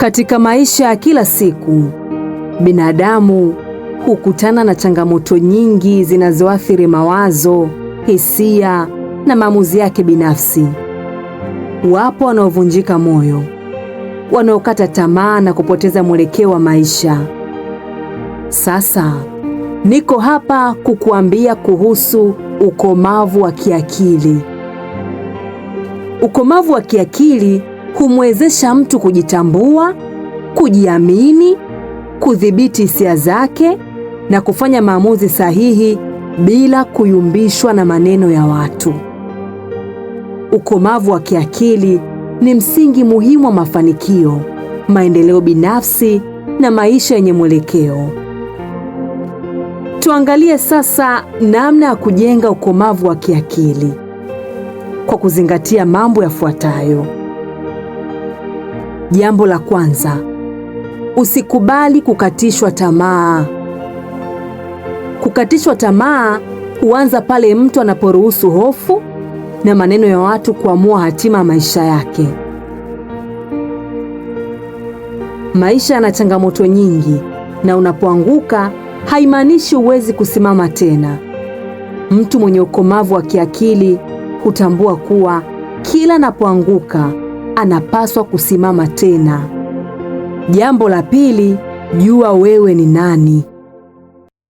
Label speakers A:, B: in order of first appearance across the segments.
A: Katika maisha ya kila siku, binadamu hukutana na changamoto nyingi zinazoathiri mawazo, hisia na maamuzi yake binafsi. Wapo wanaovunjika moyo, wanaokata tamaa na kupoteza mwelekeo wa maisha. Sasa niko hapa kukuambia kuhusu ukomavu wa kiakili. Ukomavu wa kiakili humwezesha mtu kujitambua, kujiamini, kudhibiti hisia zake na kufanya maamuzi sahihi bila kuyumbishwa na maneno ya watu. Ukomavu wa kiakili ni msingi muhimu wa mafanikio, maendeleo binafsi na maisha yenye mwelekeo. Tuangalie sasa namna ya kujenga ukomavu wa kiakili kwa kuzingatia mambo yafuatayo. Jambo la kwanza, usikubali kukatishwa tamaa. Kukatishwa tamaa huanza pale mtu anaporuhusu hofu na maneno ya watu kuamua hatima ya maisha yake. Maisha yana changamoto nyingi, na unapoanguka haimaanishi huwezi kusimama tena. Mtu mwenye ukomavu wa kiakili hutambua kuwa kila anapoanguka anapaswa kusimama tena. Jambo la pili, jua wewe ni nani.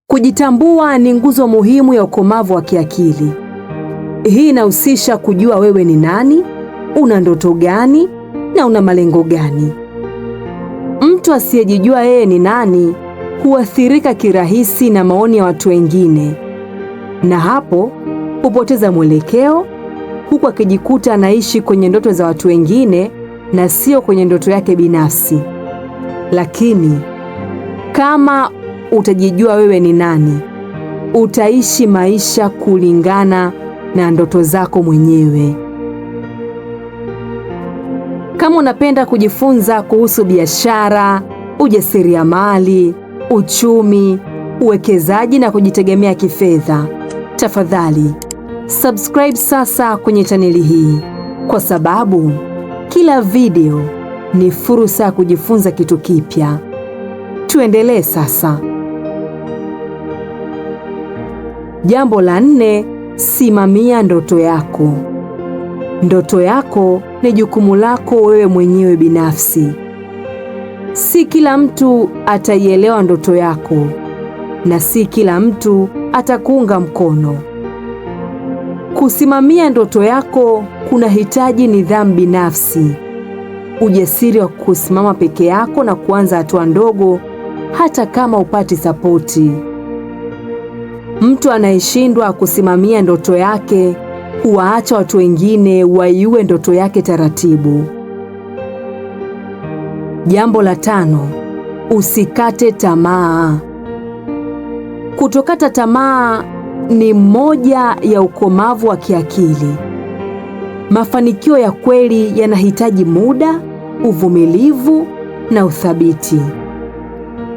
A: Kujitambua ni nguzo muhimu ya ukomavu wa kiakili. Hii inahusisha kujua wewe ni nani, una ndoto gani na una malengo gani. Mtu asiyejijua yeye ni nani huathirika kirahisi na maoni ya watu wengine, na hapo hupoteza mwelekeo huku akijikuta anaishi kwenye ndoto za watu wengine na sio kwenye ndoto yake binafsi. Lakini kama utajijua wewe ni nani, utaishi maisha kulingana na ndoto zako mwenyewe. Kama unapenda kujifunza kuhusu biashara, ujasiriamali, uchumi, uwekezaji na kujitegemea kifedha, tafadhali Subscribe sasa kwenye chaneli hii kwa sababu kila video ni fursa ya kujifunza kitu kipya. Tuendelee sasa. Jambo la nne, simamia ndoto yako. Ndoto yako ni jukumu lako wewe mwenyewe binafsi. Si kila mtu ataielewa ndoto yako na si kila mtu atakuunga mkono. Kusimamia ndoto yako kunahitaji nidhamu binafsi, ujasiri wa kusimama peke yako na kuanza hatua ndogo, hata kama upati sapoti. Mtu anayeshindwa kusimamia ndoto yake huwaacha watu wengine waiue ndoto yake taratibu. Jambo la tano, usikate tamaa. Kutokata tamaa ni moja ya ukomavu wa kiakili. Mafanikio ya kweli yanahitaji muda, uvumilivu na uthabiti.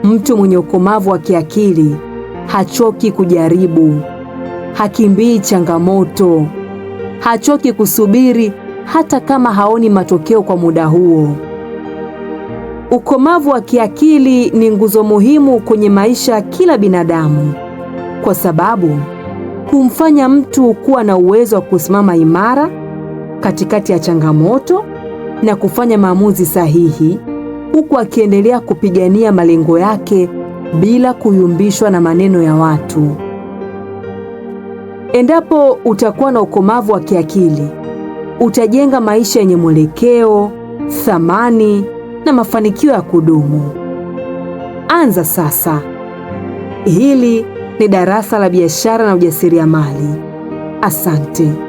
A: Mtu mwenye ukomavu wa kiakili hachoki kujaribu, hakimbii changamoto, hachoki kusubiri hata kama haoni matokeo kwa muda huo. Ukomavu wa kiakili ni nguzo muhimu kwenye maisha ya kila binadamu kwa sababu humfanya mtu kuwa na uwezo wa kusimama imara katikati ya changamoto na kufanya maamuzi sahihi huku akiendelea kupigania malengo yake bila kuyumbishwa na maneno ya watu. Endapo utakuwa na ukomavu wa kiakili, utajenga maisha yenye mwelekeo, thamani na mafanikio ya kudumu. Anza sasa. Hili ni darasa la biashara na ujasiriamali. Asante.